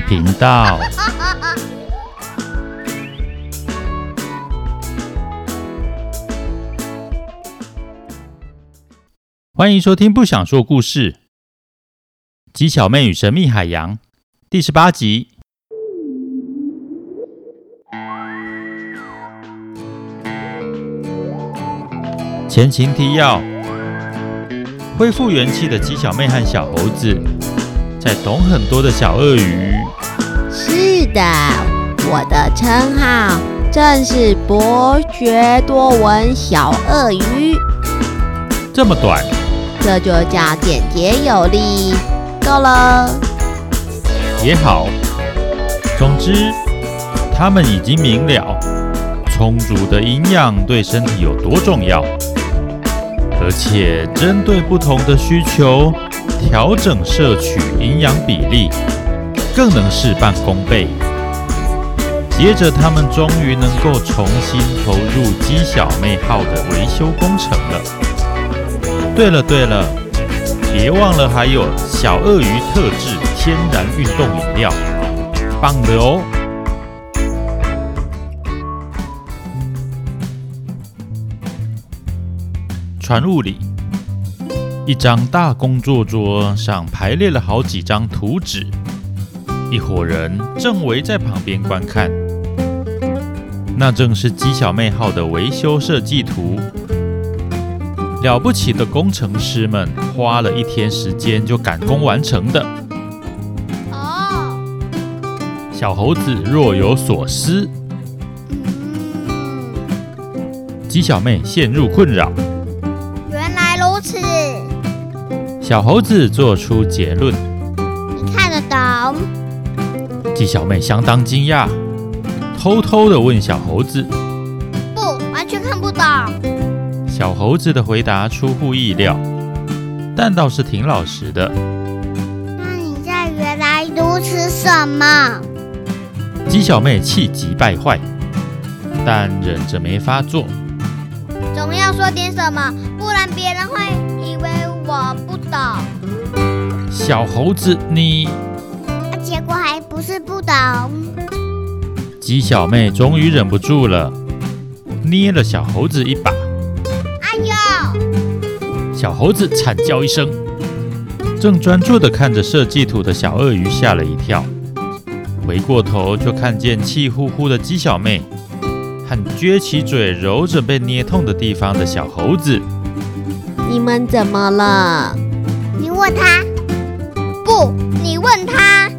頻道，歡迎收聽《不想說故事》雞小妹與神秘海洋第十八集，前情提要：恢復元氣的雞小妹和小猴子。懂很多的小鱷魚，是的，我的稱號正是博學多聞小鱷魚。這麼短，這就叫簡潔有力。夠了，也好。總之，他們已經明了，充足的營養對身體有多重要，而且針對不同的需求調整攝取營養比例，更能事半功倍。接着，他們終於能夠重新投入“雞小妹號”的維修工程了。對了對了，別忘了還有小鱷魚特制天然運動飲料，棒的哦！船務裡。一張大工作桌上排列了好幾張圖紙，一夥人正圍在旁邊觀看。那正是雞小妹號的維修設計圖，了不起的工程師們花了一天時間就趕工完成的。哦，小猴子若有所思。雞小妹陷入困擾。是小猴子做出結論，你看得懂？雞小妹相當驚訝，偷偷的問小猴子：“不，完全看不懂。”小猴子的回答出乎意料，但倒是挺老實的。那你在原來如此什麼？雞小妹氣急敗壞，但忍着沒發作，總要說點什麼。不然別人會以為我不懂。小猴子，你。結果還不是不懂。雞小妹終於忍不住了，捏了小猴子一把。哎呦！小猴子慘叫一聲，正專注地看着設計圖的小鱷魚嚇了一跳，回過頭就看見氣呼呼的雞小妹，和撅起嘴揉着被捏痛的地方的小猴子。你們怎麼了？你問他。不，你問他。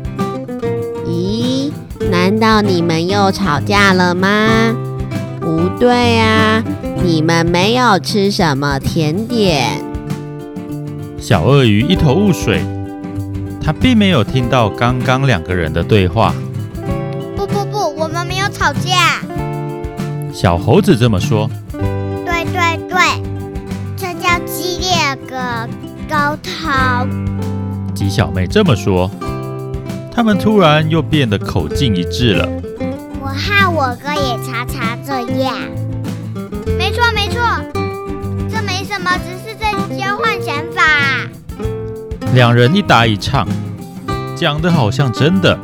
咦？難道你們又吵架了嗎？不對啊，你們沒有吃什麼甜點。小鱷魚一頭霧水，他並沒有聽到剛剛兩個人的對話。不不不，我們沒有吵架。小猴子這麼說。好，雞小妹這麼說，他們突然又變得口徑一致了。我和我哥也常常這樣。沒錯沒錯，這沒什麼，只是在交換想法啊。兩人一搭一唱，講得好像真的，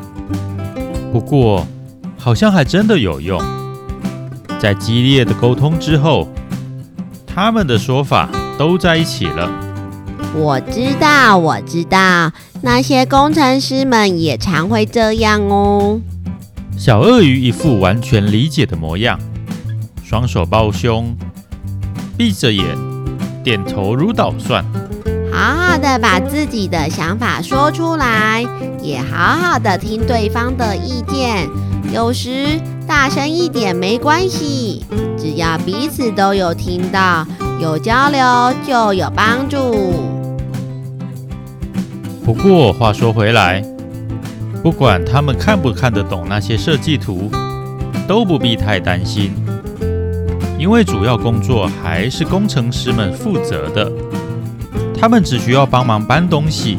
不過好像還真的有用。在激烈的溝通之後，他們的說法都在一起了。我知道，我知道，那些工程師們也常會這樣哦。小鱷魚一副完全理解的模樣，雙手抱胸，閉着眼，點頭如搗蒜。好好的把自己的想法說出來，也好好的聽對方的意見。有時大聲一點沒關係，只要彼此都有聽到，有交流就有幫助。不過話說回來，不管他們看不看得懂那些設計圖，都不必太擔心，因為主要工作還是工程師們負責的。他們只需要幫忙搬東西，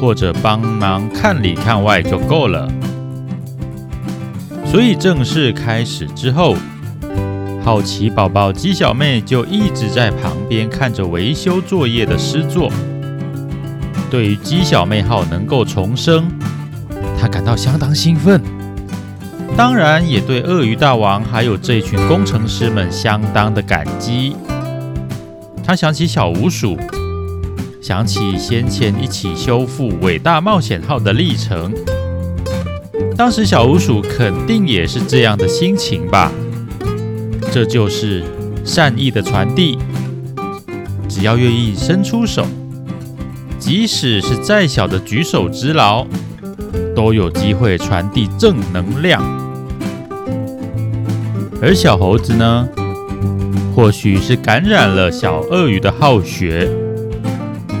或者幫忙看裡看外就夠了。所以正式開始之後，好奇寶寶雞小妹就一直在旁邊看着維修作業的實作。對於雞小妹號能夠重生，他感到相當興奮，當然也對鱷魚大王還有這群工程師們相當的感激。他想起小鼯鼠，想起先前一起修復偉大冒險號的歷程，當時小鼯鼠肯定也是這樣的心情吧。這就是善意的傳遞，只要願意伸出手。即使是再小的舉手之勞，都有機會傳遞正能量。而小猴子呢，或許是感染了小鱷魚的好學，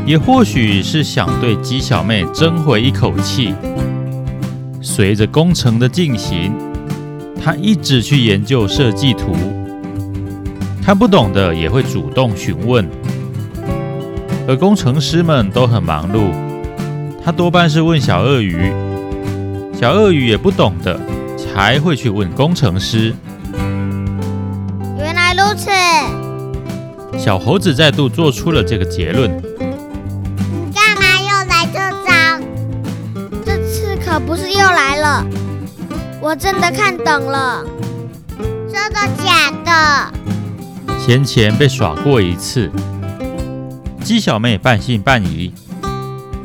也或許是想對雞小妹爭回一口氣。隨着工程的進行，他一直去研究設計圖，看不懂的也會主動詢問。而工程師們都很忙碌，他多半是問小鱷魚，小鱷魚也不懂的，才會去問工程師。原來如此，小猴子再度做出了這個結論。你幹嘛又來這招？「這次可不是又來了，我真的看懂了。真的假的？先前被耍過一次。雞小妹半信半疑。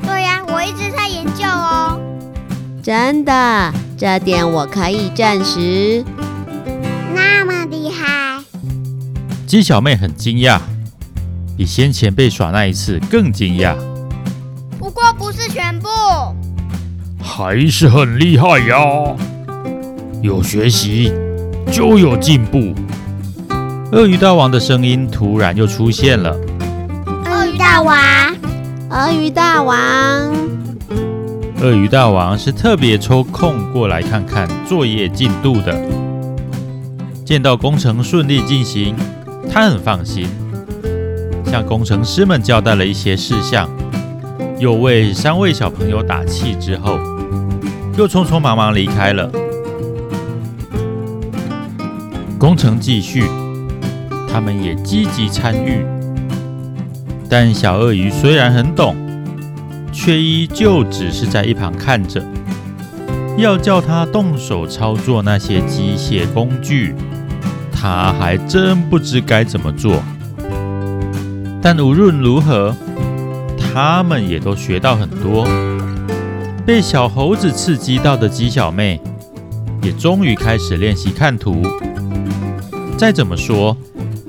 對呀，啊，我一直在研究哦。真的，這點我可以證實。那麼厲害？雞小妹很驚訝，比先前被耍那一次更驚訝。不過不是全部。還是很厲害呀！有學習，就有進步。鱷魚大王的聲音突然又出現了。大王，鱷魚大王。鱷魚大王是特別抽空過來看看作業進度的。見到工程順利進行，他很放心，向工程師們交代了一些事項，又為三位小朋友打氣之後，又匆匆忙忙離開了。工程繼續，他們也積極參與。但小鱷魚雖然很懂，卻依舊只是在一旁看着。要叫他動手操作那些機械工具，他還真不知該怎麼做。但無論如何，他們也都學到很多。被小猴子刺激到的雞小妹，也終於開始練習看圖。再怎麼說，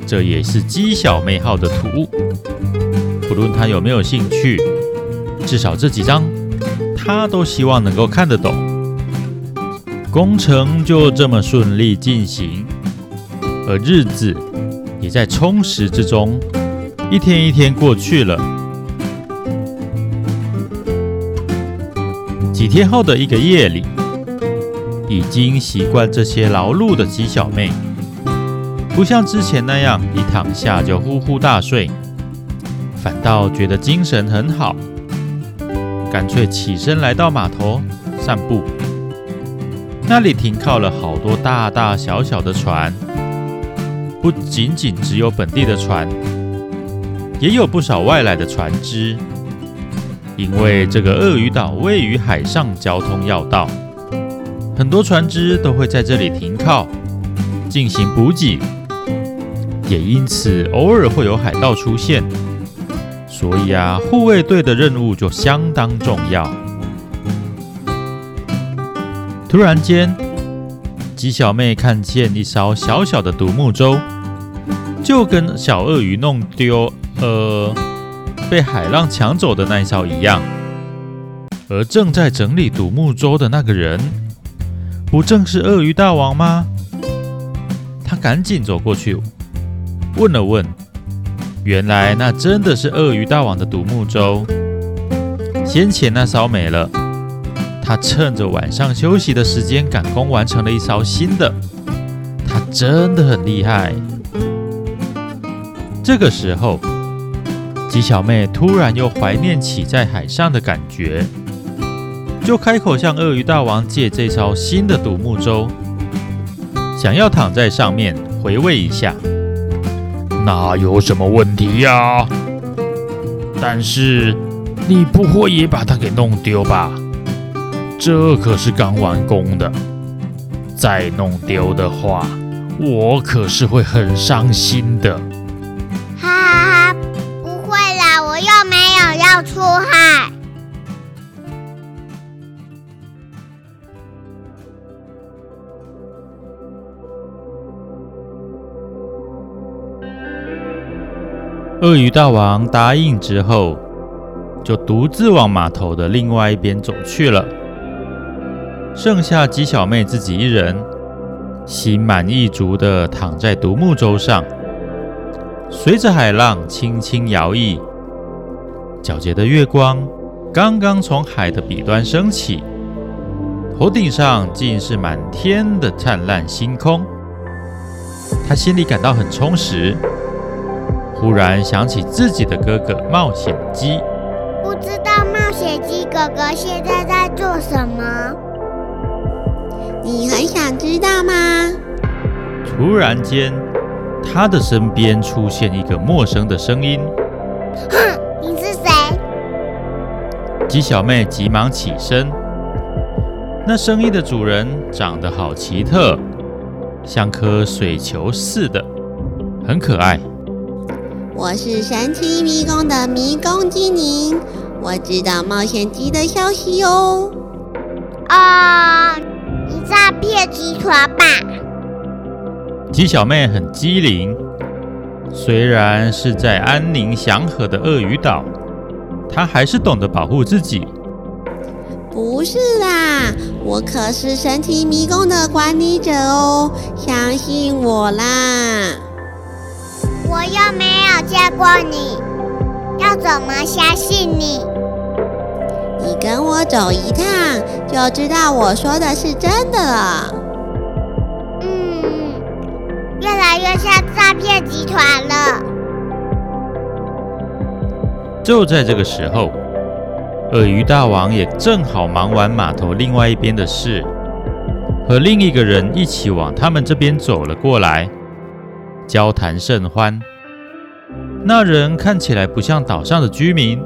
這也是雞小妹號的圖。不論他有沒有興趣，至少這幾張他都希望能夠看得懂。工程就這麼順利進行，而日子也在充實之中，一天一天過去了。幾天後的一個夜裡，已經習慣這些勞碌的雞小妹，不像之前那樣一躺下就呼呼大睡。反倒覺得精神很好，乾脆起身來到碼頭散步。那裡停靠了好多大大小小的船，不僅僅只有本地的船，也有不少外來的船隻。因為這個鱷魚島位於海上交通要道，很多船隻都會在這裡停靠進行補給，也因此偶爾會有海盜出現。所以啊，護衛隊的任務就相當重要。突然間，雞小妹看見一艘小小的獨木舟，就跟小鱷魚弄丟、呃，被海浪搶走的那一艘一樣。而正在整理獨木舟的那個人，不正是鱷魚大王嗎？他趕緊走過去，問了問。原來那真的是鱷魚大王的獨木舟。先前那艘沒了，他趁着晚上休息的時間趕工完成了一艘新的，他真的很厲害。這個時候，雞小妹突然又懷念起在海上的感覺，就開口向鱷魚大王借這艘新的獨木舟，想要躺在上面回味一下。那有什麼問題呀、啊？但是你不會也把它給弄丟吧？這可是剛完工的，再弄丟的話，我可是會很傷心的。哈哈哈，不會啦，我又沒有要出海。鱷魚大王答應之後，就獨自往碼頭的另外一邊走去了。剩下雞小妹自己一人，心滿意足地躺在獨木舟上，隨着海浪輕輕搖曳。皎潔的月光剛剛從海的彼端升起，頭頂上竟是滿天的燦爛星空。他心裡感到很充實。突然想起自己的哥哥冒險雞，不知道冒險雞哥哥現在在做什麼？你很想知道嗎？突然間，他的身邊出現一個陌生的聲音：“哼，你是誰？”雞小妹急忙起身。那聲音的主人長得好奇特，像顆水球似的，很可愛。我是神奇迷宮的迷宮精靈，我知道冒險雞的消息哦。啊、呃，你詐騙集團吧？雞小妹很機靈，雖然是在安寧祥和的鱷魚島，她還是懂得保護自己。不是啦，我可是神奇迷宮的管理者哦，相信我啦。我又沒有見過你，要怎麼相信你？你跟我走一趟，就知道我說的是真的了。嗯，越來越像詐騙集團了。就在這個時候，鱷魚大王也正好忙完碼頭另外一邊的事，和另一個人一起往他們這邊走了過來。交談甚歡，那人看起來不像島上的居民，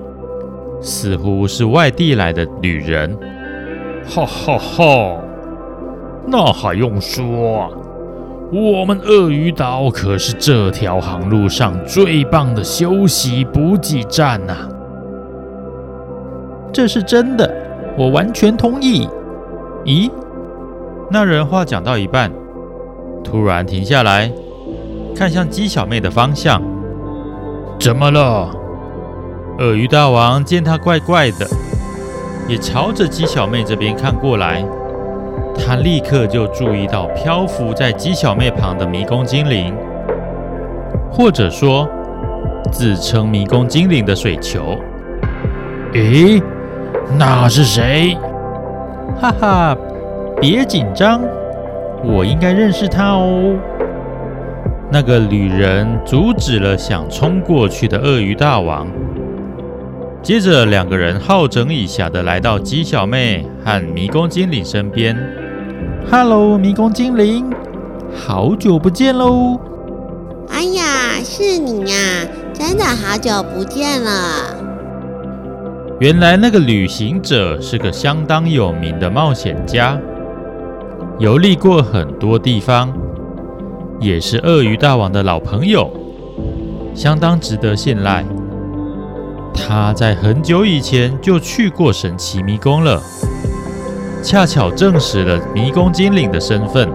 似乎是外地來的旅人。哈哈哈哈，那還用說？我們鱷魚島可是這條航路上最棒的休息補給站吶啊。這是真的，我完全同意。咦？那人話講到一半，突然停下來。看向雞小妹的方向。怎麼了？鱷魚大王見他怪怪的，也朝着雞小妹這邊看過來。他立刻就注意到漂浮在雞小妹旁的迷宮精靈，或者說自稱迷宮精靈的水球。欸，那是誰？哈哈，別緊張，我應該認識他哦。那個旅人阻止了想衝過去的鱷魚大王。接着，兩個人好整以暇的來到雞小妹和迷宮精靈身邊。“Hello，迷宮精靈，好久不見嘍！”“哎呀，是你呀！真的好久不見了。”原來那個旅行者是個相當有名的冒險家，遊歷過很多地方。也是鱷魚大王的老朋友，相當值得信賴。他在很久以前就去過神奇迷宮了，恰巧證實了迷宮精靈的身份。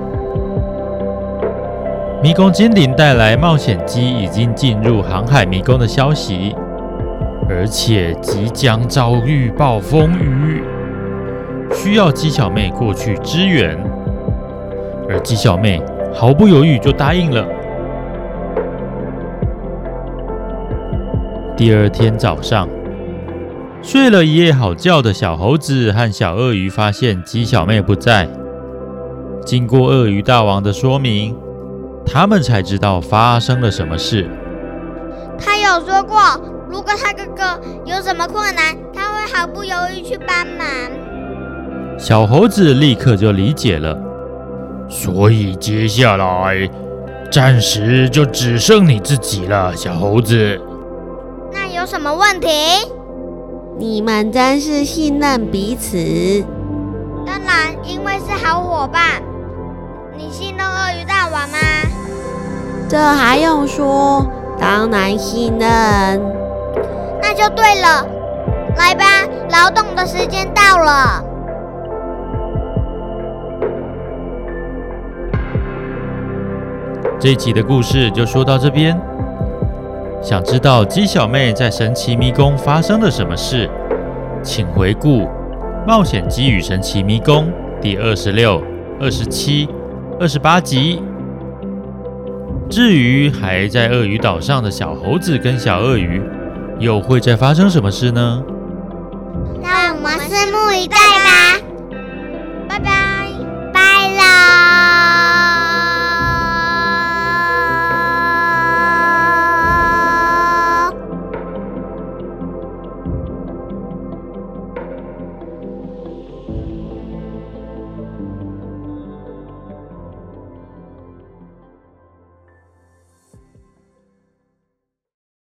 迷宮精靈帶來冒險機已經進入航海迷宮的消息，而且即將遭遇暴風雨，需要雞小妹過去支援。而雞小妹。毫不猶豫就答應了。第二天早上，睡了一夜好覺的小猴子和小鱷魚發現雞小妹不在。經過鱷魚大王的說明，他們才知道發生了什麼事。他有說過，如果他哥哥有什麼困難，他會毫不猶豫去幫忙。小猴子立刻就理解了。所以接下來，暫時就只剩你自己了，小猴子。那有什麼問題？你們真是信任彼此。當然，因為是好夥伴。你信任鱷魚大王嗎？這還用說？當然信任。那就對了。來吧，勞動的時間到了。這一集的故事就說到這邊。想知道雞小妹在神奇迷宮發生了什麼事，請回顧《冒險雞與神奇迷宮》第二十六、二十七、二十八集。至於還在鱷魚島上的小猴子跟小鱷魚，又會再發生什麼事呢？讓我們拭目以待吧！